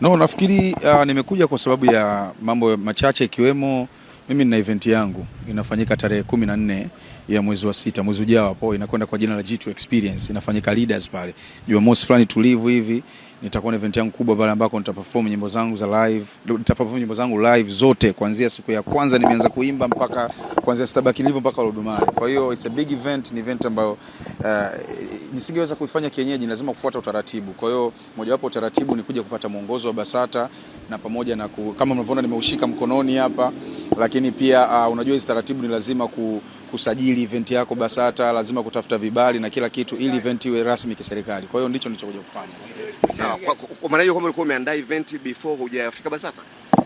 No, nafikiri uh, nimekuja kwa sababu ya mambo machache ikiwemo mimi nina event yangu inafanyika tarehe kumi na nne ya mwezi wa sita mwezi ujao hapo, inakwenda kwa jina la G2 Experience, inafanyika Leaders pale Jumamosi fulani tulivu hivi nitakuwa na event yangu kubwa pale ambako nitaperform nyimbo zangu za live, nitaperform nyimbo zangu live zote kuanzia siku ya kwanza nimeanza kuimba mpaka kuanzia stabaki nilivyo mpaka Olodumare. Kwa hiyo it's a big event, ni event ambayo uh, nisingeweza kuifanya kienyeji, lazima kufuata utaratibu. Kwa hiyo mojawapo utaratibu ni kuja kupata mwongozo wa BASATA na pamoja na ku, kama mnavyoona nimeushika mkononi hapa, lakini pia uh, unajua hizi taratibu ni lazima ku, kusajili event yako BASATA, lazima kutafuta vibali na kila kitu ili event iwe rasmi kiserikali. Kwa hiyo ndicho nilichokuja kufanya. Sawa sawa. Kwa maana hiyo, kwamba ulikuwa umeandaa event before hujafika BASATA?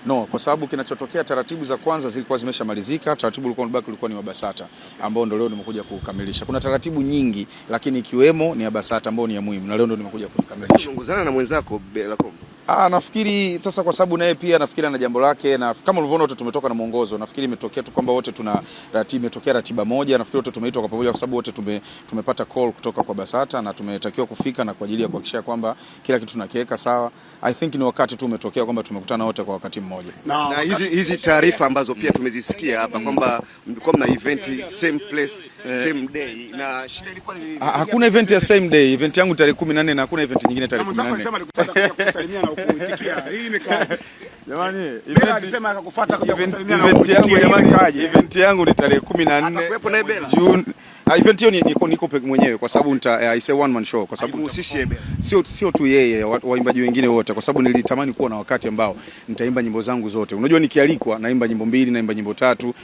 No, kwa sababu kinachotokea taratibu za kwanza zilikuwa zimeshamalizika. Taratibu ulikuwa unabaki ulikuwa ni wa BASATA ambao ndio leo nimekuja kukamilisha. Kuna taratibu nyingi, lakini ikiwemo ni ya BASATA ambao ni ya muhimu na leo ndio nimekuja kukamilisha. Ungozana na mwenzako Belacom Ah, nafikiri sasa kwa sababu naye pia nafikiri ana jambo lake na kama ulivyoona wote tumetoka na mwongozo. Nafikiri imetokea tu kwamba wote tuna ratiba, imetokea ratiba moja. Nafikiri wote tumeitwa kwa pamoja kwa sababu wote tume, tumepata call kutoka kwa Basata na tumetakiwa kufika na kwa ajili ya kuhakikisha kwamba kila kitu tunakiweka sawa. I think ni wakati tu umetokea kwamba tumekutana wote kwa wakati mmoja. Na, na hizi hizi taarifa ambazo pia tumezisikia hapa mm. kwamba mlikuwa mna event same place, eh. same day na shida ilikuwa ni hakuna event ya same day. Event yangu tarehe 14 na hakuna event nyingine tarehe 14 kuitikia. Hii nikaje? Jamani, event yangu ni tarehe 14 June. Ah, event hiyo niko mwenyewe kwa sababu nita eh, I say one man show kwa sababu sio sio tu yeye, waimbaji wengine wote, kwa sababu nilitamani kuwa na wakati ambao nitaimba nyimbo zangu zote. Unajua, nikialikwa naimba nyimbo mbili, naimba nyimbo tatu.